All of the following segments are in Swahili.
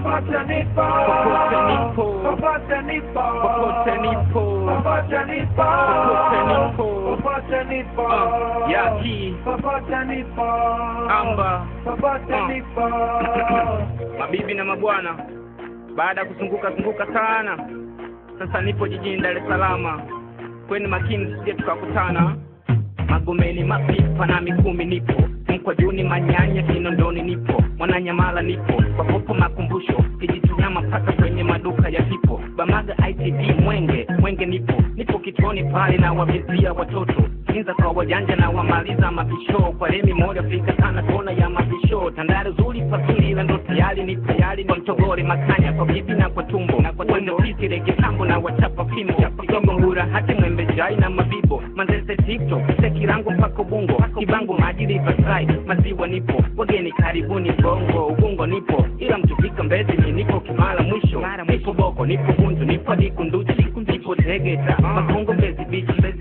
Popote ah, yaki, amba, ah. Mabibi na mabwana, baada ya kuzunguka zunguka sana, sasa nipo jijini Dar es Salaam. Kweni makini, sije tukakutana. Magomeni mapipa na Mikumi nipo, Mkwajuni, Manyanya, Kinondoni nipo, Mwananyamala nipo, popo maku mpaka kwenye maduka ya hipo Bamaga ITV Mwenge Mwenge nipo nipo kituoni pale na wamezia watoto kujikinza kwa wajanja na wamaliza mabisho kwa remi moja fika sana kona ya mabisho tandare zuri pasunila ndo tayari ni tayari kwa mtogore matanya kwa bibi na kwa tumbo na kwa twende fisi rege sambo na wachapa fimbo chapa mbura hati mwembe jai na mabibo manzese kise kirango pako bungo kibango majiri vasai maziwa nipo wageni karibuni bongo ubungo nipo ila mtufika mbezi ni niko kimala mwisho nipo boko nipo bunju nipo dikunduchi nipo tegeta makongo mbezi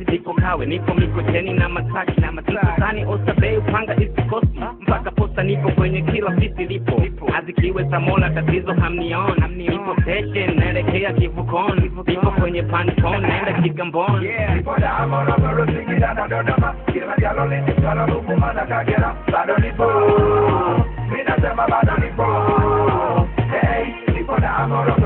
ndipo mlawe nipo Mikoteni na Masaki na osa Osabei upanga isikosi ah. mpaka posa nipo kwenye kila fisi lipo azikiwe Samola tatizo hamniona nipo station naelekea kivukoni nipo kwenye panikon naenda Kigamboni bado nipo minasema bado nipo hey nipo na amoro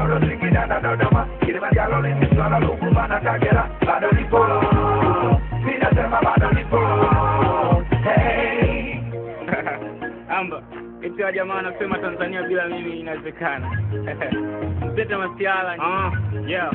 amba eti wa jamaa anasema Tanzania bila mimi inawezekana. Mtete masiala ah, yeah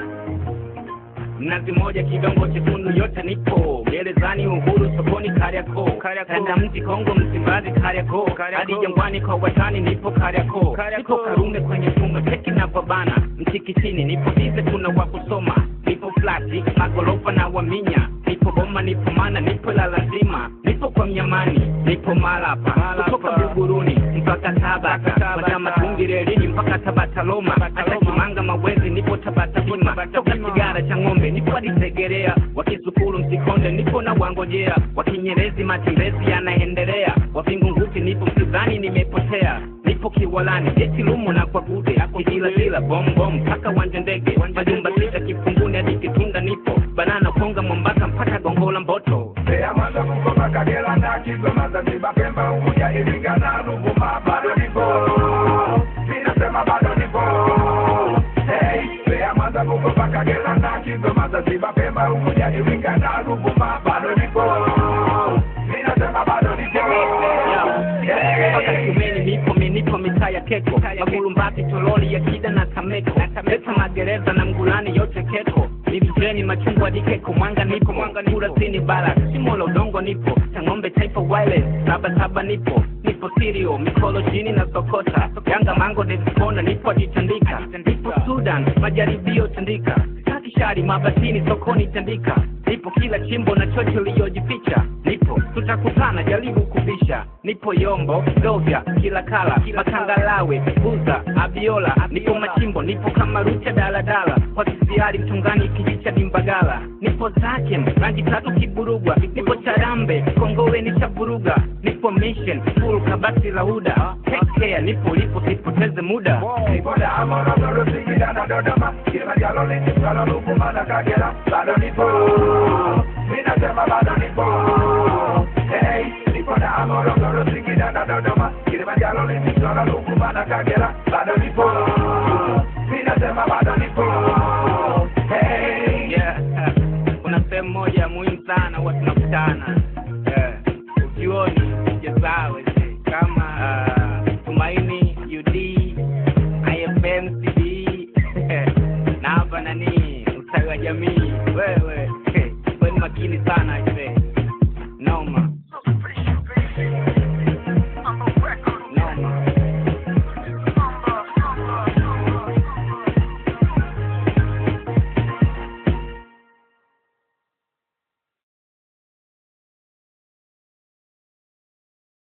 Mnazi moja kidongo chekundu, yote nipo gerezani, Uhuru sokoni, Kariakoo, kanda mti Kongo, Msimbazi, Kariakoo hadi Jangwani kwa watani, nipo Kariakoo, nipo Karume kwenye funga keki na babana, Mtikitini nipo dize, kuna wa kusoma, nipo flati magorofa na waminya, nipo Boma, nipo Mana, nipo la lazima kwa Mnyamani, nipo Malapa, kutoka Buguruni mpaka Tabata, Madama Tungirelini mpaka Tabata Loma, hata Kimanga mawezi nipo Tabata Hima, toka Kigara cha Ng'ombe nipo hadi Segerea, Wakisukulu Msikonde nipo na wangojea, Wakinyerezi matembezi yanaendelea, Wavingunguti nipo Msudani nimepotea nipo Kiwalani, Jeti Lumu na kwa Gude, Kijiladila, Bombom mpaka Wanja Ndege, Majumba Sita, Kifunguni hadi Kitunda nipo Banana Konga, mwamba Mwanza, Pemba, Unguja, Iringa na bado nipo, ninasema bado nipo. Hey, Mbeya, Mwanza, na Kigoma, Zanzibar, Pemba, Unguja, Iringa na bado nipo, ninasema bado nipo. ya Keko, Magulumbati, Toroli, Yakida na Kameko, Leta magereza na Mgulani yote Keko Mivitreni machungwa dikeko mwanga nipo kurasini bara shimo la udongo nipo Tang'ombe taifa wireless saba saba nipo nipo sirio mikolo jini na sokota Yanga mango devikona nipo ajitandika nipo Sudan majaribio tandika shari mabatini sokoni tandika nipo kila chimbo na chocho liyojificha nipo tutakutana jaribu kubisha nipo yombo dovya kila kala makangalawe buza abiola nipo machimbo nipo kama rucha daladala kwa kiziari mchungani kijicha cha Dimbagala, nipo Zakem rangi tatu Kiburugwa, nipo Charambe Kongowe ni chavuruga, nipo Mission full kabati lauda take care, nipo lipo sipoteze muda nipoda amorogoro Singida na Dodoma kimalialo linisalo Ruvuma na bado nipo bado nipo hey na Kagera bado nipo moja muhimu sana, huwa